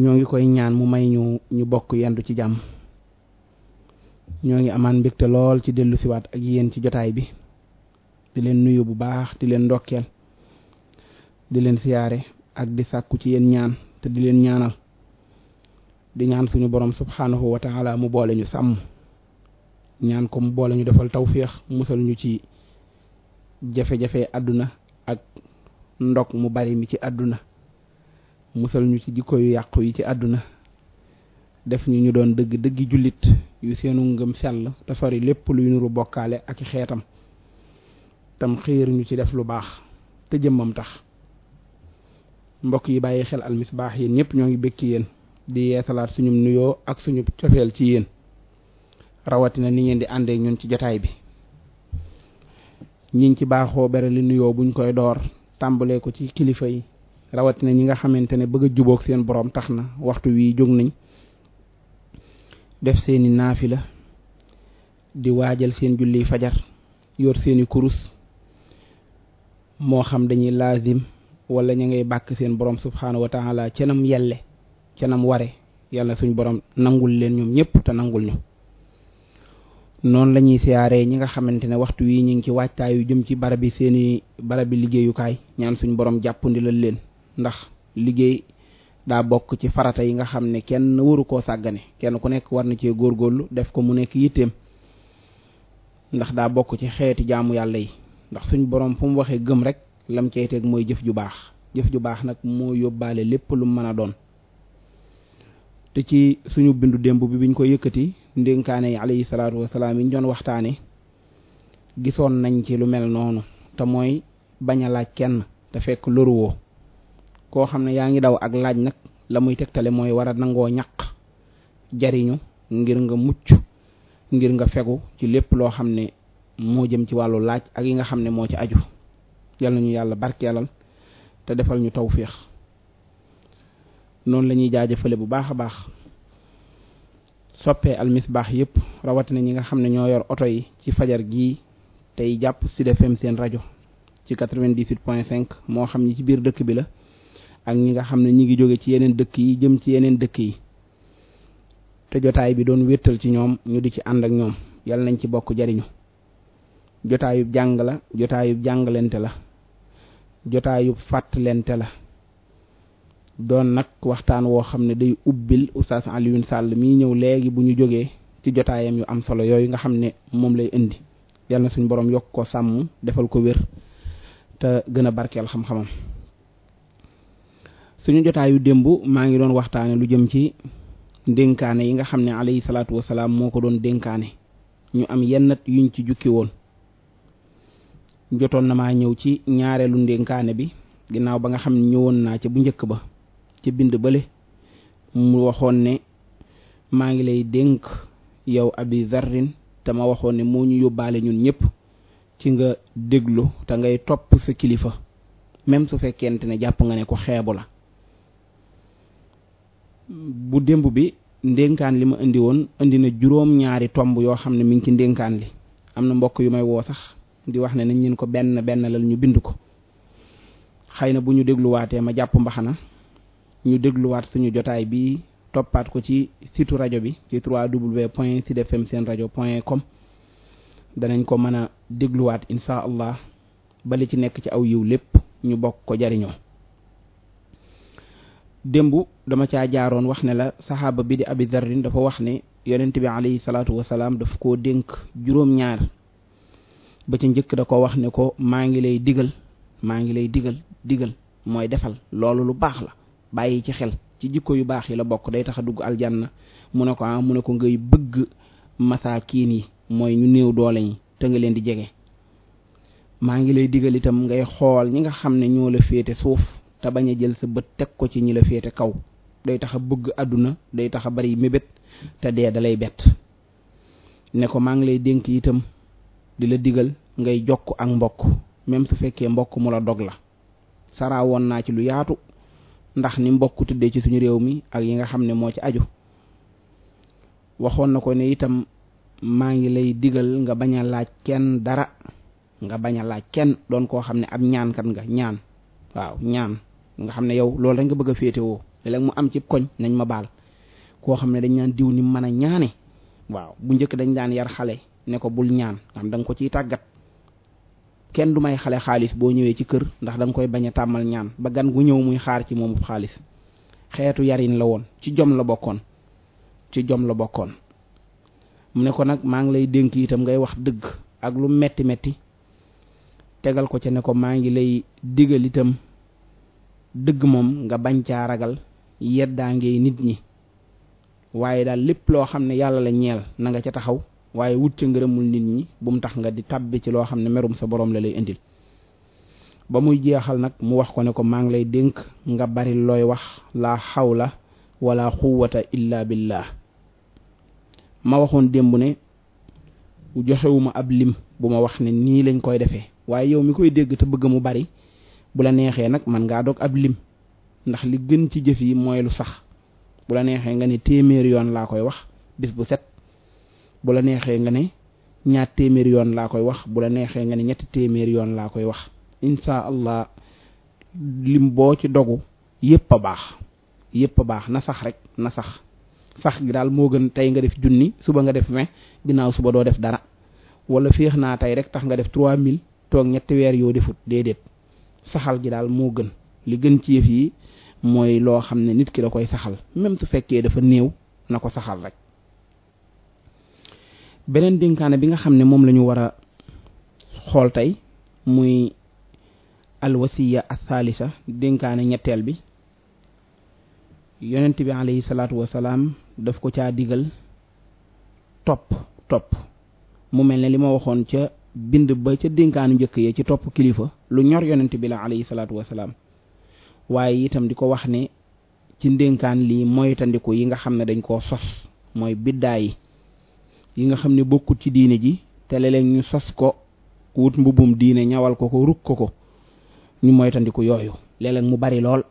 ñoo ngi koy ñaan mu may ñu ñu bokk yendu ci jàmm ñoo ngi amaan mbégte lool ci dellu siwaat ak yéen ci jotaay bi di leen nuyu bu baax di leen ndokkeel di leen siyaare ak di sàkku ci yéen ñaan te di leen ñaanal di ñaan suñu borom subhaanahu wa taala mu boole ñu sàmm ñaan ko mu boole ñu defal tawféex musal ñu ci jafe-jafe àdduna ak ndog mu bari mi ci àdduna musal ñu ci jikko yu yàqu yi ci àdduna def ñu ñu doon dëgg dëggi jullit yu seenu ngëm sell te sori lépp luy nuru bokkaale ak xeetam tam xiir ñu ci def lu baax te jëmmam tax mbokk yi bàyyi xel baax yéen ñëpp ñoo ngi békki yéen di yeesalaat suñu nuyoo ak suñu cofeel ci yéen rawatina ni ngeen di àndee ñun ci jotaay bi ñiñ ci baaxoo bere li nuyoo buñ koy door tàmbalee ko ci kilifa yi rawatina ñi nga xamante ne bëgg a jubóog seen boroom tax na waxtu wii jóg nañ def seeni naafila di waajal seen julli fajar yor seeni kurus moo xam dañuy laazim walla ñu ngay bàkk seen borom subxanahu wa taala canam yelle canam ware yàlla suñ borom nangul leen ñoom ñëpp te nangul ñu. noonu la ñuy siyaaree ñi nga xamante ne waxtu wii ñu ngi ci waajtaay yu jëm ci barab seeni barab bi liggéeyukaay ñaan suñ borom jàppandi la leen ndax liggéey daa bokk ci farata yi nga xam ne kenn waru koo sàggane kenn ku nekk war na cee góorgóorlu def ko mu nekk yitteem ndax daa bokk ci xeeti jaamu yàlla yi ndax suñ borom fu mu waxee gëm rek lam cay mooy jëf ju baax jëf ju baax nag moo yóbbaale lépp lu mën a doon te ci suñu bindu démb bi biñ ko yëkkati ndénkaane yi alayhi salaatu wasalaam yi ñu doon waxtaane gisoon nañ ci lu mel noonu te mooy bañ a laaj kenn te fekk loruwoo koo xam ne yaa ngi daw ak laaj nag la muy tegtale mooy war a nangoo ñaq jariñu ngir nga mucc ngir nga fegu ci lépp loo xam ne moo jëm ci wàllu laaj ak yi nga xam ne moo ci aju yal nañu yàlla barkeelal te defal ñu tawféex noonu la ñuy jaajëfale bu baax a baax soppee almisbaax yëpp rawatina ñi nga xam ne ñoo yor oto yi ci fajar gi tey jàpp Sud FM seen rajo ci 98 point 5 moo xam ni ci biir dëkk bi la ak ñi nga xam ne ñi ngi jóge ci yeneen dëkk yi jëm ci yeneen dëkk yi te jotaay bi doon wéttal ci ñoom ñu di ci ànd ak ñoom yal nañ ci bokk jariñu jotaayub jàng la jotaayub jàngalente la jotaayub fàttalente la doon nag waxtaan woo xam ne day ubbil oustaz Alioune Sall mii ñëw léegi bu ñu jógee ci jotaayam yu am solo yooyu nga xam ne moom lay indi yal na suñ borom yokk ko sàmm defal ko wér te gën a barkeel xam-xamam suñu jotaayu démb maa ngi doon waxtaane lu jëm ci dénkaane yi nga xam ne alayhi salaatu wasalaam moo ko doon dénkaane ñu am yennat yuñ ci jukki woon jotoon na maa ñëw ci ñaareelu ndénkaane bi ginnaaw ba nga xam ne ñëwoon naa ca bu njëkk ba ca bind bale mu waxoon ne maa ngi lay dénk yow abi zarrin te ma waxoon ne moo ñu yóbbaale ñun ñëpp ci nga déglu te ngay topp sa kilifa même su fekkent ne jàpp nga ne ko xeebu la bu démb bi ndénkaan li ma indi woon indi na juróom-ñaari tomb yoo xam ne mi ngi ci ndénkaan li am na mbokk yu may woo sax di wax ne nañ leen ko benn benn lal ñu bind ko xëy na bu ñu dégluwaatee ma jàpp mbaxana ñu dégluwaat suñu jotaay bi toppaat ko ci situ rajo bi ci 3w point sud fm seen rajo point com danañ ko mën a dégluwaat incha allah bali ci nekk ci aw yiw lépp ñu bokk ko jariñoo démb dama caa jaaroon wax ne la saxaaba bi di abi darrin dafa wax ne yonent bi alayhi salaatu wasalaam daf koo dénk juróom-ñaar ba ca njëkk da ko wax ne ko maa ngi lay digal maa ngi lay digal digal mooy defal loolu lu baax la bàyyi ci xel ci jikko yu baax yi la bokk day tax a dugg aljanna mu ne ko ah mu ne ko ngay bëgg masaa masaakiin yi mooy ñu néew doole ñi te nga leen di jege maa ngi lay digal itam ngay xool ñi nga xam ne ñoo la féete suuf te bañ a jël sa bët teg ko ci ñi la féete kaw day tax a bëgg àdduna day tax a bari mébét te dee da bett ne ko maa ngi lay dénk itam di la digal ngay jokk ak mbokk même su fekkee mbokk mu la dog la saraawoon naa ci lu yaatu ndax ni mbokk tëddee ci suñu réew mi ak yi nga xam ne moo ci aju waxoon na ko ni itam maa ngi lay digal nga baña laaj kenn dara nga bañ a laaj kenn doon koo xam ne ab ñaankat nga ñaan waaw ñaan nga xam ne yow loolu rek nga bëgg a féetewoo léeg mu am cib koñ nañ ma baal koo xam ne dañ naan diw ni mën a ñaane waaw bu njëkk dañ daan yar xale ne ko bul ñaan nga xam da ko ciy tàggat kenn du may xale xaalis boo ñëwee ci kër ndax da koy bañ a tàmmal ñaan ba gan gu ñëw muy xaar ci moomu xaalis xeetu yarin la woon ci jom la bokkoon ci jom la bokkoon mu ne ko nag maa ngi lay dénk itam ngay wax dëgg ak lu metti metti tegal ko ca ne ko maa ngi lay digal itam dëgg moom nga bañ caa ragal yeddaangee nit ñi waaye daal lépp loo xam ne yàlla la ñeel na nga ca taxaw waaye wut ca ngërëmul nit ñi bu mu tax nga di tàbbi ci loo xam ne merum sa boroom la lay indil ba muy jeexal nag mu wax ko ne ko maa ngi lay dénk nga bari looy wax laa xawla wala quwwata illa billah ma waxoon démb ne joxewuma ab lim bu ma wax ne nii lañ koy defee waaye yow mi koy dégg te bëgg mu bari bu la neexee nag man ngaa dog ab lim ndax li gën ci jëf yi mooy lu sax bu la neexee nga ne téeméeri yoon laa koy wax bis bu set bu la neexee nga ne ñaar téeméeri yoon laa koy wax bu la neexee nga ne ñetti téeméeri yoon laa koy wax insha allah lim boo ci dogu yépp a baax yépp a baax na sax rek na sax sax gi daal moo gën tey nga def junni suba nga def vingt ginnaaw suba doo def dara wala féex naa tey rek tax nga def trois mille toog ñetti weer yoo defut déedéet saxal gi daal moo gën li gën ci yëf yi mooy loo xam ne nit ki da koy saxal même su fekkee dafa néew na ko saxaal rek beneen dénkaane bi nga xam ne moom lañu ñu war a xool tey muy alwasiya athaalisa dénkaane ñetteel bi yonent bi alayhi salaatu wasalaam daf ko caa digal topp topp mu mel ne li ma waxoon ca bind ba ca dénkaanu njëkk ya ci topp kilifa lu ñor yonent bi la alayhi salaatu wasalaam waaye itam di ko wax ne ci ndénkaan lii moytandiku yi nga xam ne dañ koo sos mooy biddaay yi nga xam ne bokkut ci diine ji te leleen ñu sos ko wut mbubbum diine ñawal ko ko rukk ko ko ñu moytandiku yooyu léeg mu bari lool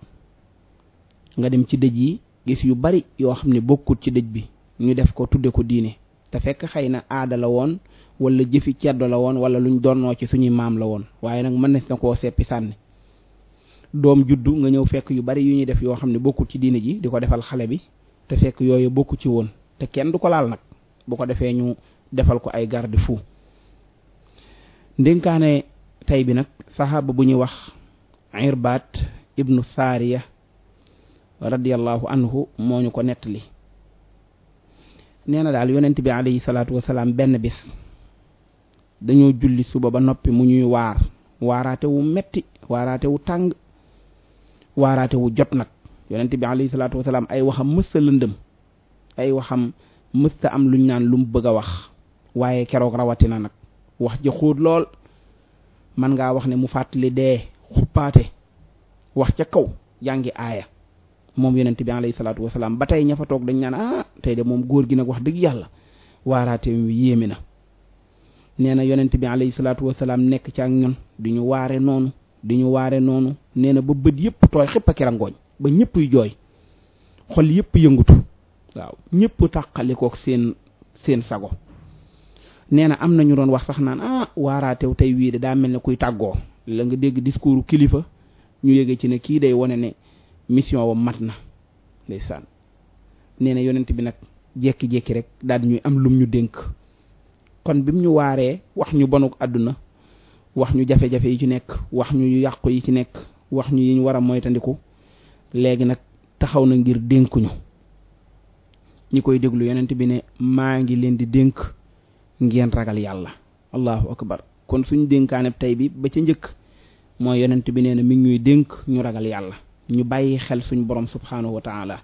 nga dem ci dëj yi gis yu bari yoo xam ne bokkut ci dëj bi ñu def ko tudde ko diine te fekk xëy na aada woon wala jëfi ceddo la woon wala luñ donnoo ci suñuy maam la woon waaye nag mën na koo seppi sànni doom juddu nga ñëw fekk yu bari yu ñuy def yoo xam ne bokkul ci diine ji di ko defal xale bi te fekk yooyu bokku ci woon te kenn du ko laal nag bu ko defee ñu defal ko ay garde fou ndénkaane tey bi nag saxaaba bu ñuy wax irbaat ibnu saariya radiallahu anhu moo ñu ko nettali nee na daal yonent bi alayhi salaatu wasalaam benn bis dañoo julli suba ba noppi mu ñuy waar waaraate wu metti waaraate wu tàng waaraate wu jot nag yonent bi alayhi salaatu wasalaam ay waxam mësta lëndëm ay waxam mësta am luñ naan lu mu bëgg a wax waaye keroog rawatina nag wax ji xóot lool man ngaa wax ne mu fàttali dee xuppaate wax ca kaw jàngi aaya moom yonent bi alayhi salaatu wasalaam ba tey ña fa toog dañ naan ah tey de moom góor gi nag wax dëgg yàlla waaraate wu na nee na yonent bi alayhi salaatu wasalaam nekk ci ak ñun di ñu waare noonu di ñu waare noonu nee na ba bët yépp tooy xëpp ak rangooñ ba ñëpp yu jooy xol yépp yëngutu waaw ñëpp tàqalikook seen seen sago nee na am na ñu doon wax sax naan ah waaraatew tey wii de daa mel ne kuy tàggoo la nga dégg discours kilifa ñu yëge ci ne kii day wane ne mission wa mat na ndeysaan na yonent bi nag jekki-jekki rek daal di ñuy am lum ñu dénk kon bi mu ñu waaree wax ñu bonu àdduna wax ñu jafe-jafe yi ci nekk wax ñu yàqu yi ci nekk wax ñu yi ñu war a moytandiku léegi nag taxaw na ngir dénkuñu ñi koy déglu yonent bi ne maa ngi leen di dénk ngeen ragal yàlla allahu akbar kon suñu dénkaane tey bi ba ca njëkk mooy yonent bi nee na mi ngi dénk ñu ragal yàlla ñu bàyyi xel suñu borom subhaanahu wa taala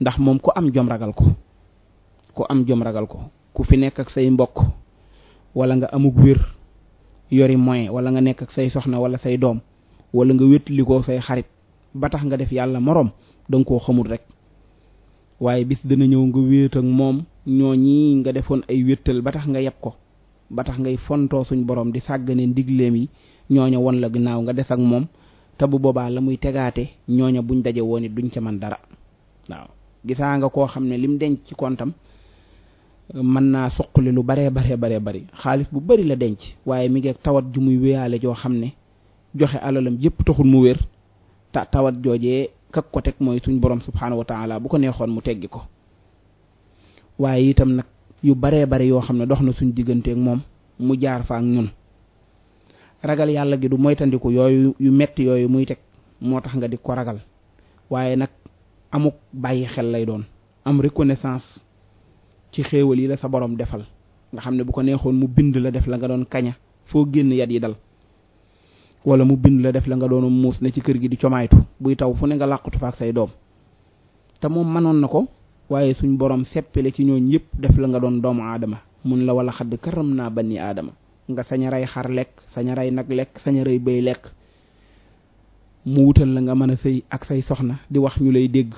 ndax moom ku am jom ragal ko ku am jom ragal ko ku fi nekk ak say mbokk walla nga amug wér yori moyen wala nga nekk ak say soxna wala say doom wala nga wétlikoo say xarit ba tax nga def yàlla moroom danga koo xamul rek waaye bis dana ñëw nga wéet ak moom ñoo ñi nga defoon ay wéttal ba tax nga yeb ko ba tax ngay fontoo suñ borom di sàggane ndigleem yi ñooña won la ginnaaw nga des ak moom te bu boobaa la muy tegaate ñooña buñ daje woon it duñ ca man dara waaw gisaa nga koo xam ne lim denc ci kontam mën naa suqali lu baree baree baree bari xaalis bu bari la denc waaye mi ngi tawat ju muy wéyaale joo xam ne joxe alalam yépp taxul mu wér ta tawat joojee kak ko teg mooy suñ borom subhaanahu wa bu ko neexoon mu teggi ko waaye itam nag yu baree bare yoo xam ne dox na suñ digganteeg moom mu jaar fa ak ñun ragal yàlla gi du moytandiku yooyu yu metti yooyu muy teg moo tax nga di ko ragal waaye nag amuk bàyyi xel lay doon am reconnaissance ci xéewal yi la sa borom defal nga xam ne bu ko neexoon mu bind la def la nga doon kaña foo génn yat yi dal wala mu bind la def la nga doon muus ne ci kër gi di comaaytu buy taw fu ne nga làqatu fa ak say doom te moom mënoon na ko waaye suñ borom seppale ci ñooñ yëpp def la nga doon doomu aadama mun la wala xadd karam naa banni aadama nga sañ a xar lekk sañ a nag lekk sañ a rey bëy lekk mu wutal la nga mën a sëy ak say soxna di wax ñu lay dégg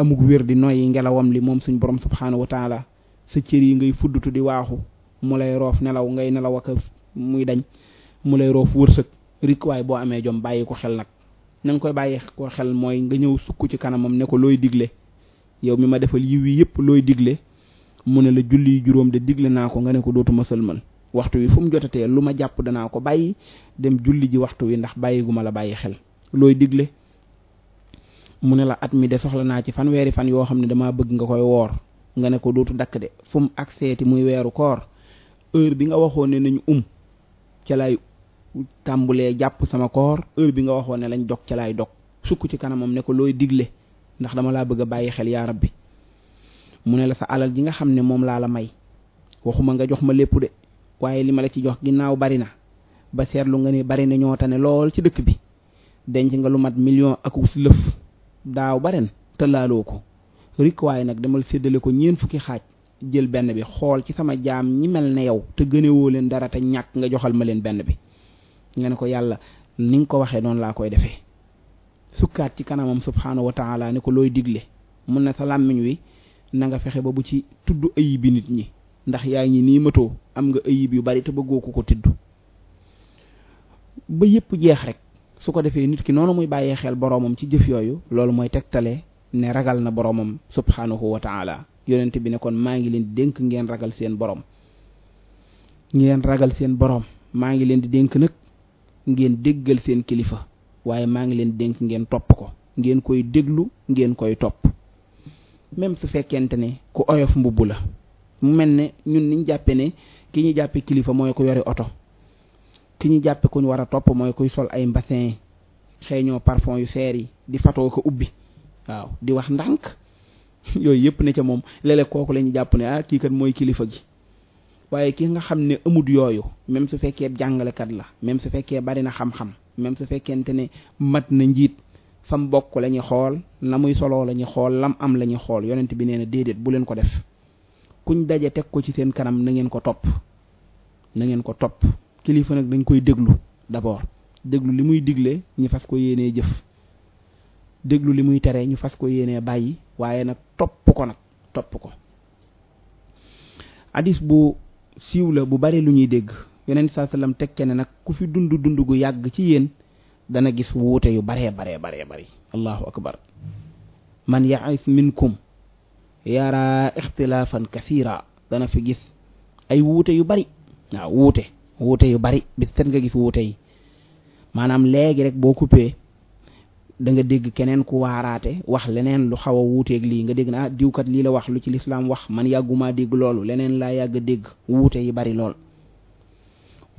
amug wér di noyyi ngelawam li moom suñ borom subxanahu wa taala sa cër yi ngay fuddutu di waaxu mu lay roof nelaw ngay nelaw ak muy dañ mu lay roof wërsëg rik waaye boo amee jom bàyyi ko xel nag na nga koy bàyyi ko xel mooy nga ñëw sukk ci kanamam ne ko looy digle yow mi ma defal yiw yi yëpp looy digle mu ne la julli juróom de digle naa ko nga ne ko dootuma sëlmal waxtu wi fu mu jotatee lu ma jàpp danaa ko bàyyi dem julli ji waxtu wi ndax bàyyi gu ma la bàyyi xel mu ne la at mi de soxla naa ci fanweeri fan yoo xam ne damaa bëgg nga koy woor nga ne ko dootu dakk de fu mu agseeti muy weeru koor heure bi nga waxoon ne nañ um ca lay tàmbulee jàpp sama koor heure bi nga waxoon ne lañ dog ca lay dog sukk ci kanamam ne ko looy digle ndax dama laa bëgg a bàyyi xel yaa bi mu ne la sa alal ji nga xam ne moom laa la may waxuma nga jox ma lépp de waaye li ma la ci jox ginnaaw bari na ba seetlu nga ne bari na ñoo tane lool ci dëkk bi denc nga lu mat million ak lëf daaw ba ren te laaloo ko rik waaye nag demal séddale ko ñeent fukki xaaj jël benn bi xool ci sama jaam ñi mel ne yow te gënewoo leen dara te ñàkk nga joxal ma leen benn bi nga ne ko yàlla ni nga ko waxee noonu laa koy defee sukkaat ci kanamam subhaanahu wa taala ne ko looy digle mun na sa làmmiñ wi na nga fexe ba bu ci tudd ayib bi nit ñi ndax yaa ngi nii matoo am nga ayib yu bari te bëggoo ko ko tudd ba yépp jeex rek su ko defee nit ki noonu muy bàyyee xel boroomam ci jëf yooyu loolu mooy tegtale ne ragal na boroomam subhaanahu wa taala yonent bi ne kon maa ngi leen di dénk ngeen ragal seen boroom ngeen ragal seen boroom maa ngi leen di dénk nag ngeen déggal seen kilifa waaye maa ngi leen dénk ngeen topp ko ngeen koy déglu ngeen koy topp même su fekkente ne ku oyof mbubb la mu mel ne ñun niñ jàppe ne ki ñu jàppe kilifa mooy ko yore oto ki ñu jàppe ku ñu a topp mooy kuy sol ay mbassin xeeñoo parfum yu seer yi di fatoo ko ubbi waaw di wax ndànk yooyu yëpp ne ca moom léeg kooku lañu jàpp ne ah kii kat mooy kilifa gi waaye ki nga xam ne amut yooyu même su fekkee jàngalekat la même su fekkee bari na xam-xam même su fekkente ne mat na njiit fam bokk la ñuy xool na muy solo lañuy xool lam am la ñuy xool yonent bi nee na déedéet bu leen ko def kuñ daje teg ko ci seen kanam na ko topp ko topp kilifa nag dañ koy déglu d'abord déglu li muy digle ñu fas ko yéene jëf déglu li muy tere ñu fas ko yéenee bàyyi waaye nag topp ko nag topp ko hadis bu siiw la bu bari lu ñuy dégg yeneen saa sallam teg ca ne nag ku fi dund dund gu yàgg ci yéen dana gis wuute yu baree baree baree bari allahu akbar man yaais minkum yara ixtilaafan kasira dana fi gis ay wuute yu bari waaw wuute wuute yu bari bi set nga gis wuute yi maanaam léegi rek boo coupé da nga dégg keneen ku waaraate wax leneen lu xaw a wuuteeg lii nga dégg na ah diwkat lii la wax lu ci lislaam wax man yàggumaa dégg loolu leneen laa yàgg dégg wuute yi bari lool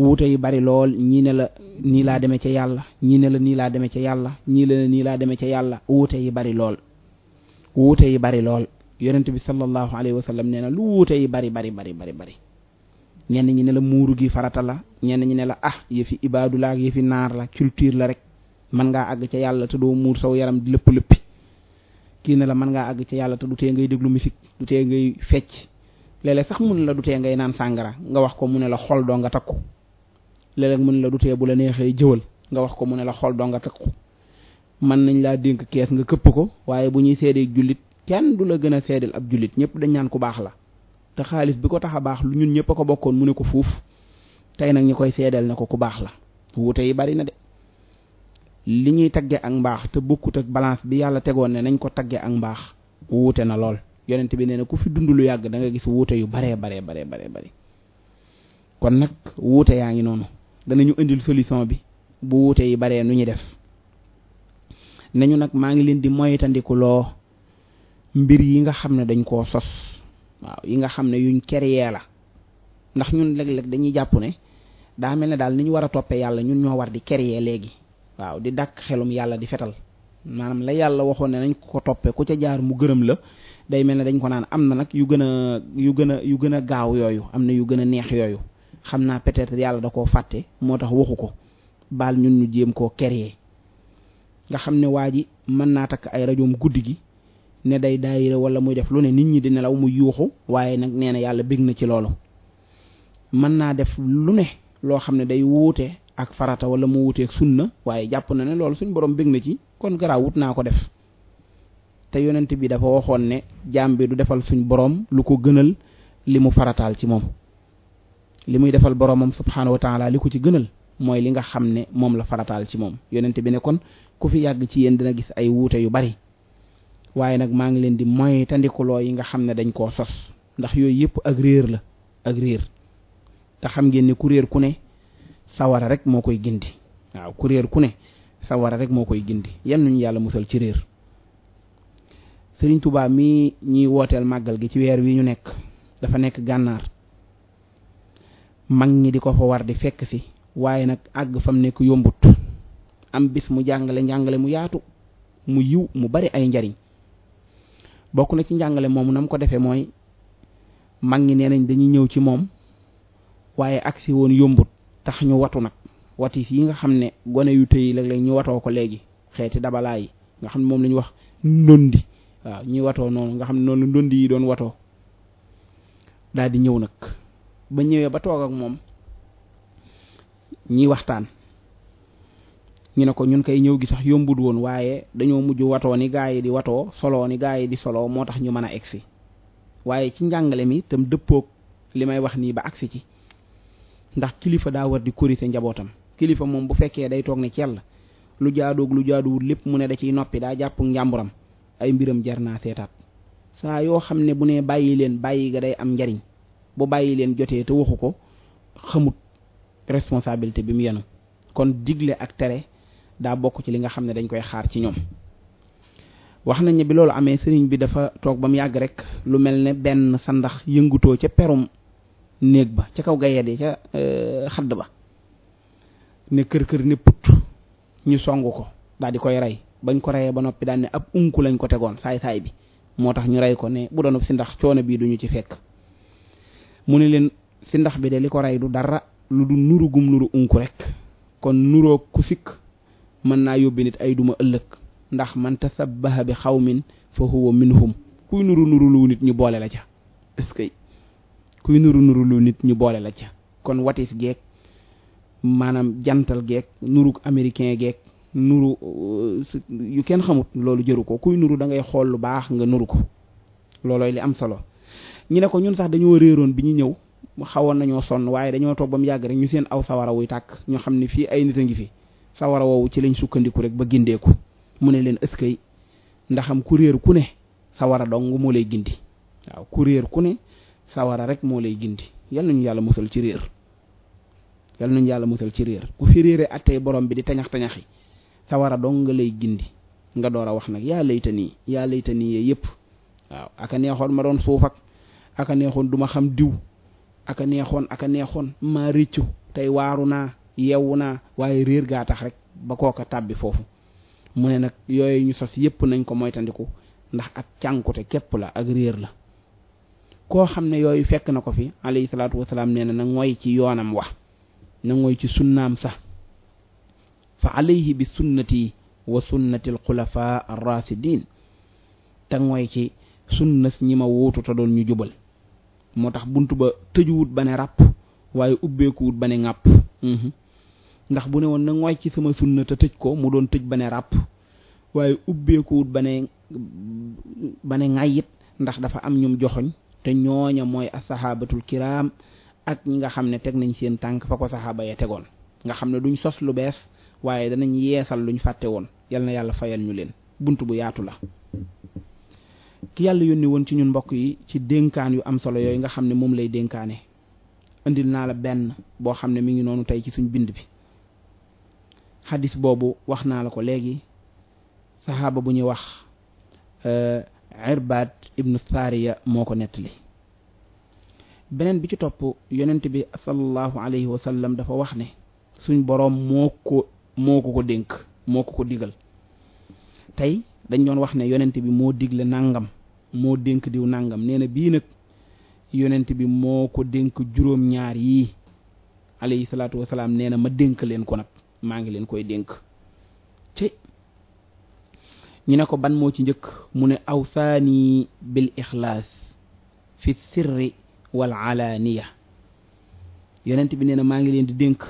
wuute yi bari lool ñii ne la nii laa demee ca yàlla ñii ne la nii laa demee ca yàlla ñii ne nii laa demee ca yàlla wuute yi bari lool yi bari lool yonent bi sallallahu alayhi wa sallam nee na lu wuute yi bari bari bari bari bari ñenn ñi ne la muuru gi farata la ñenn ñi ne la ah yëfi ibaadu la ak yëfi naar la culture la rek mën ngaa àgg ca yàlla te doo muur saw yaram di lépp léppi kii ne la mën ngaa àgg ca yàlla te du tee ngay déglu musique du tee ngay fecc léeg-léeg sax mun la du tee ngay naan sàngara nga wax ko mu ne la xol doo nga takku léeg-léeg mun la du tee bu la neexee jëwal nga wax ko mu ne la xol doo nga takku mën nañ laa dénk kees nga këpp ko waaye bu ñuy seedee jullit kenn du la gën a seedeel ab jullit ñëpp dañ naan ku baax la te xaalis bi ko tax a baax lu ñun ñëpp a ko bokkoon mu ne ko fuuf tey nag ñi koy seedeel ne ko ku baax la wuute yi bari na de li ñuy tagge ak mbaax te bokkut ak balance bi yàlla tegoon ne nañ ko tagge ak mbaax wuute na lool yonent bi nee na ku fi dund lu yàgg da nga gis wuute yu baree baree bare bare bari kon nag wuute yaa ngi noonu dana ñu indil solution bi bu wuute yi baree nu ñu def nañu nag maa ngi leen di moytandiku loo mbir yi nga xam ne dañ koo sos waaw yi nga xam ne yuñ créer la ndax ñun léeg-léeg dañuy jàpp ne daa mel ne daal ni ñu war a toppee yàlla ñun ñoo war di créer léegi waaw di dàkk xelum yàlla di fetal maanaam la yàlla waxoon ne nañ ko toppee ku ca jaar mu gërëm la day mel ne dañ ko naan am na nag yu gën a yu gën a yu gën a gaaw yooyu am na yu gën a neex yooyu xam naa peut-être yàlla da koo fàtte moo tax waxu ko baal ñun ñu jéem koo créer nga xam ne waa ji mën naa takk ay rajoom guddi gi ne day daayira wala muy def lu ne nit ñi di nelaw mu yuuxu waaye nag nee na yàlla bég na ci loolu mën naa def lu ne loo xam ne day wuute ak farata wala mu wuutee ak na waaye jàpp na ne loolu suñ borom bég na ci kon garaaw wut naa ko def te yonent bi dafa waxoon ne jaam bi du defal suñ borom lu ko gënal li mu farataal ci moom li muy defal boromam subhaanahu wa taala li ko ci gënal mooy li nga xam ne moom la farataal ci moom yonent bi ne kon ku fi yàgg ci yéen dina gis ay wuute yu bari waaye nag maa ngi leen di moytandikuloo yi nga xam ne dañ koo sos ndax yooyu yëpp ak réer la ak réer te xam ngeen ne ku réer ku ne sawara rek moo koy gindi waaw ku ku ne sawara rek moo koy gindi yan ñu yàlla musal ci réer Sëriñ Tuubaa mii ñuy wooteel màggal gi ci weer wi ñu nekk dafa nekk gànnaar mag ñi di ko fa war di fekk si waaye nag àgg fam nekk yombut am bis mu jàngale njàngale mu yaatu mu yiw mu bari ay njariñ bokk na ci njàngale moomu na mu ko defee mooy mag ñi nee nañ dañuy ñëw ci moom waaye agsi woon yombut tax ñu watu nag watis yi nga xam ne gone yu tëy léeg-léeg ñu watoo ko léegi xeeti dabalaa yi nga xam ne moom la wax ndondi waaw ñuy watoo noonu nga xam ne noonu ndondi yi doon watoo daldi ñëw nag ba ñëwee ba toog ak moom ñiy waxtaan ñu ne ko ñun kay ñëw gi sax yombut woon waaye dañoo mujj watoo ni gaa yi di watoo solo ni gaa yi di solo moo tax ñu mën a egsi waaye ci njàngale mi tam dëppoog li may wax nii ba agsi ci ndax kilifa daa war di korite njabootam kilifa moom bu fekkee day toog ne la lu jaadoog lu jaaduwul lépp mu ne da ciy noppi daa jàpp njàmburam ay mbiram jar naa seetaat saa yoo xam ne bu nee bàyyi leen bàyyi ga day am njariñ bu bàyyi leen jotee te waxu ko xamut responsabilité bi mu yenu kon digle ak tere daa bokk ci li nga xam ne dañ koy xaar ci ñoom wax nañ ne bi loolu amee sëriñ bi dafa toog ba mu yàgg rek lu mel ne benn sandax yëngutoo ca perum néeg ba ca kaw gayet yi ca euh, xadd ba ne kër kër ne put ñu song ko daal di koy rey bañ ko reyee ba noppi daal ab unku lañ ko tegoon saay saay bi moo tax ñu rey ko ne bu doon si ndax coono bii duñu ci fekk mu ne leen si ndax bi de li ko rey du dara lu du nuru gum nuru unku rek kon nuroo ku sikk mën naa yóbbi nit ay duma ëllëg ndax manta sa tasabbaha bi xawmin fa huwa minhum kuy nuru nuru lu nit ñu boole la ca est que kuy nuru nuru lu nit ñu boole la ca kon watis geek maanaam jantal geek nuru américain geek nuru euh, yu kenn xamut loolu jëru ko kuy nuru da ngay xool lu baax nga nuru ko loolooy li am solo ñu ne ko ñun sax dañoo réeroon bi ñu ñëw xawoon nañoo sonn waaye dañoo toog ba mu yàgg rek ñu seen aw sawara wuy tàkk ñu xam ne fii ay nit a ngi fi sawara woowu ci lañ sukkandiku rek ba gindeeku mu ne leen ëskay ndaxam ku réer ku ne sawara dong moo lay gindi waaw ku réer ku ne sawara rek moo lay gindi yal nañu yàlla musal ci réer yal nañu yàlla musal ci réer ku fi réere attey borom bi di tañax tañaxi sawara dong lay gindi nga door a wax nag yaa layta nii yaa layta nii yee yëpp waaw aka neexoon ma doon suuf aka neexoon duma xam diw aka neexoon aka neexoon maa réccu tey waaru naa yeewu naa waaye réer gaa tax rek ba kooka tàbbi foofu mu ne nag yooyu ñu sos yépp nañ ko moytandiku ndax ak cànkute képp la ak réer la koo xam ne yooyu fekk na ko fi alayhi salaatu wasalaam nee na na ngoy ci yoonam wax na ngoy ci sunnaam sax fa alayhi bi sunnati wa sunnati al xulafaa ar rasidin te ngoy ci sunnas ñi ma wuutu te doon ñu jubal moo tax bunt ba tëjuwut ba ne ràpp waaye ubbeekuwut ba ne ŋàpp mhm. ndax bu ne woon na ngooy ci sama sunna te tëj ko mu doon tëj ba ne ràpp waaye ubbeekuwut ba ne ba ne ŋàyyit ndax dafa am ñoom joxoñ te ñooña mooy asaxaabatul kiraam ak nga xam ne teg nañ seen tànk fa ko saxaaba ya tegoon nga xam ne duñ sos lu bees waaye danañ yeesal luñ fàtte woon yal na yàlla fayal ñu leen bunt bu yaatu la ki yàlla yónni woon ci ñun mbokk yi ci dénkaan yu am solo yooyu nga xam ne moom lay dénkaane indil naa la benn boo xam ne mi ngi noonu tey ci suñ bind bi xadis boobu wax naa la ko léegi saxaaba bu ñuy wax euh, irbaad ibnu saariya moo ko nettali beneen bi ci topp yonent bi sallallahu alayhi wa dafa wax ne suñ boroom moo ko moo ko ko dénk moo ko ko digal tey dañ doon wax ne yonent bi moo digle nangam moo dénk diw nangam nee na bii nag yonent bi moo ko dénk juróom-ñaar yii alayhi salaatu wasalaam nee na ma dénk leen ko nag maa ngi leen koy dénk ci ñu ne ko ban moo ci njëkk mu ne awsaani bil ixlaas fi sirri wal alaaniya yonent bi nee maa ngi leen di dénk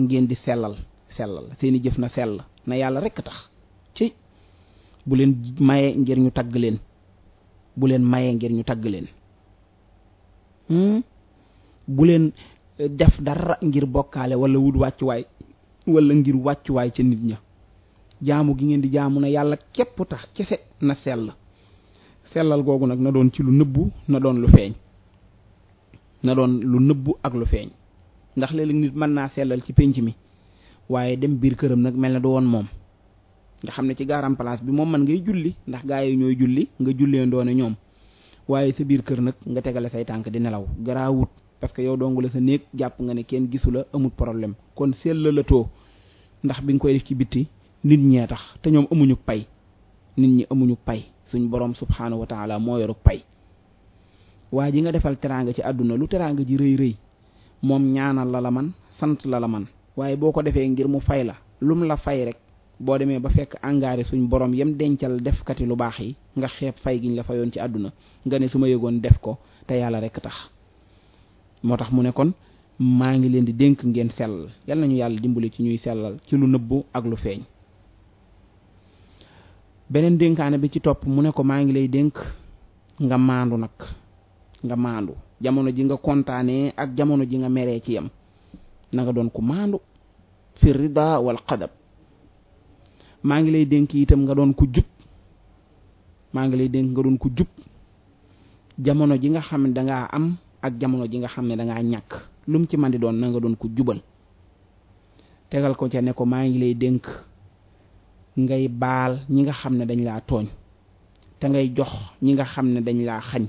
ngeen di sellal sellal seeni jëf na sell na yàlla rekk tax ci bu leen maye ngir ñu tagg leen bu leen maye ngir ñu tagg leen hmm? bu eh, def dara ngir bokkaale wala wut wàccuwaay wala ngir wàccuwaay ca nit ña jaamu gi ngeen di jaamu na yàlla képp tax kese na sell sellal googu nag na doon ci lu nëbbu na doon lu feeñ na doon lu nëbbu ak lu ndax léeg-léeg nit mën naa sellal ci pénc mi waaye dem biir këram nag mel na du woon moom nga xam ne ci gaaram place bi moom man ngay julli ndax gaa yi ñooy julli nga julleen doone ñoom waaye sa biir kër nag nga tegale say tànk di nelaw garaawut parce que yow dongu la sa néeg jàpp nga ne kenn gisula la amul problème kon sellalatoo ndax bi nga koy def ci bitti nit ñee tax te ñoom amuñu pay nit ñi amuñu pay suñ borom subhaanahu wa moo yoru pay waaye ji nga defal teraanga ci àdduna lu teraanga ji rëy rëy moom ñaanal la la man sant la la man waaye boo ko defee ngir mu fay la lum la fay rek boo demee ba fekk angaari suñ borom yam dencal defkati lu baax yi nga xeeb fay giñ la fayoon ci àdduna nga ne su ma yëgoon def ko te yàlla rek tax moo tax mu ne kon maa ngi leen di dénk ngeen sellal yal nañu yàlla dimbali ci ñuy sellal ci lu nëbbu ak lu feeñ beneen dénkaane bi ci topp mu ne ko maa ngi lay dénk nga maandu nag nga maandu jamono ji nga kontaanee ak jamono ji nga meree ci yam na nga doon ku maandu fi rida wal qadab maa ngi lay dénk itam nga doon ku jub maa ngi lay dénk nga doon ku jub jamono ji nga xam ne dangaa am ak jamono ji nga xam ne da ñàkk lu mu ci man di doon nanga doon ko jubal tegal ko ca ne ko maa ngi lay dénk ngay baal ñi nga xam ne dañ laa tooñ te ngay jox ñi nga xam ne dañ laa xañ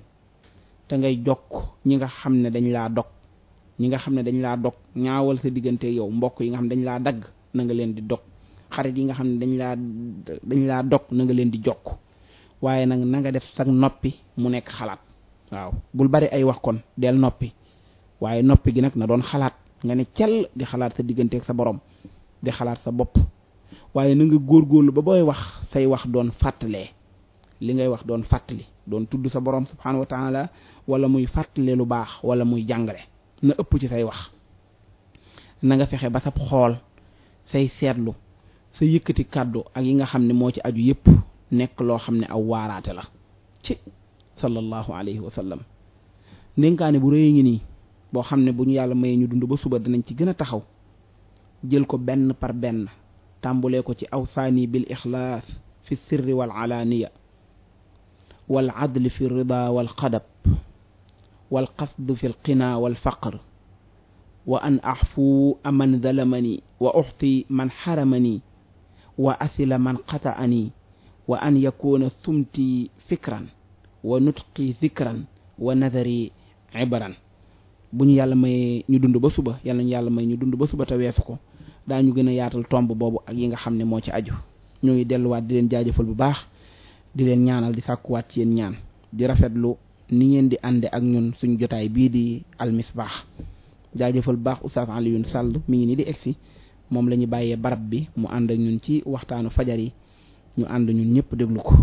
te ngay jokk ñi nga xam ne dañ laa dog ñi nga xam ne dañ laa dog ñaawal sa diggante yow mbokk yi nga xam ne dañ laa dagg nanga leen di dog xarit yi nga xam ne dañ laa dañ laa dog na nga leen di jokk waaye nag na nga def sag noppi mu nekk xalaat waaw bul bari ay wax kon del noppi waaye noppi gi nag na doon xalaat nga ne cell di xalaat sa diggante digganteeg sa borom di xalaat sa bopp waaye na nga góorlu ba booy wax say wax doon fàttalee li ngay wax doon fàttali doon tudd sa borom subhaanahu wa taala wala muy fàttale lu baax wala muy jàngale na ëpp ci say wax na nga fexe ba sab xool say seetlu sa yëkkati kàddu ak yi nga xam ne moo ci aju yépp nekk loo xam ne aw waaraate la sallallahu alayhi wa sallam ndénkaane bu rëy ngi boo xam ne bu ñu yàlla mayee ñu dund ba suba dinañ ci gën a taxaw jël ko benn par benn tàmbulee ko ci awsaani bil ixlaas fi sirri wal alaaniya wal adli fi rida wal xadab wal qasd fi lqina wal faqr wa an axfu aman dalamani wa uxti man xaramani wa asila man qata'ani wa an yakuna sumti fikran wa nutqi zikran wa nadari ibaran bu ñu yàlla may ñu dund ba suba yàlla ñu yàlla may ñu dund ba suba te weesu ko daañu gën a yaatal tomb boobu ak yi nga xam ne moo ci aju ñoo ngi delluwaat di leen jaajëfal bu baax di leen ñaanal di sàkkuwaat ci yéen ñaan di rafetlu ni ngeen di ànde ak ñun suñu jotaay bii di baax jaajëfal bu baax Oustaz Alioune sàll mi ngi nii di egsi moom la ñu bàyyee barab bi mu ànd ak ñun ci waxtaanu fajar yi ñu ànd ñun ñëpp déglu ko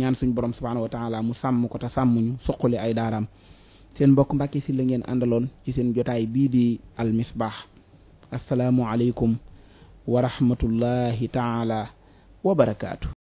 ñaan suñu borom subhaanahu wa taala mu sàmm ko te sàmmuñu suqali ay daaraam seen mbokk Mbàkke Sylla ngeen àndaloon ci seen jotaay bii di Al Misbah asalaamualeykum wa rahmatullahi taala wa barakaatu.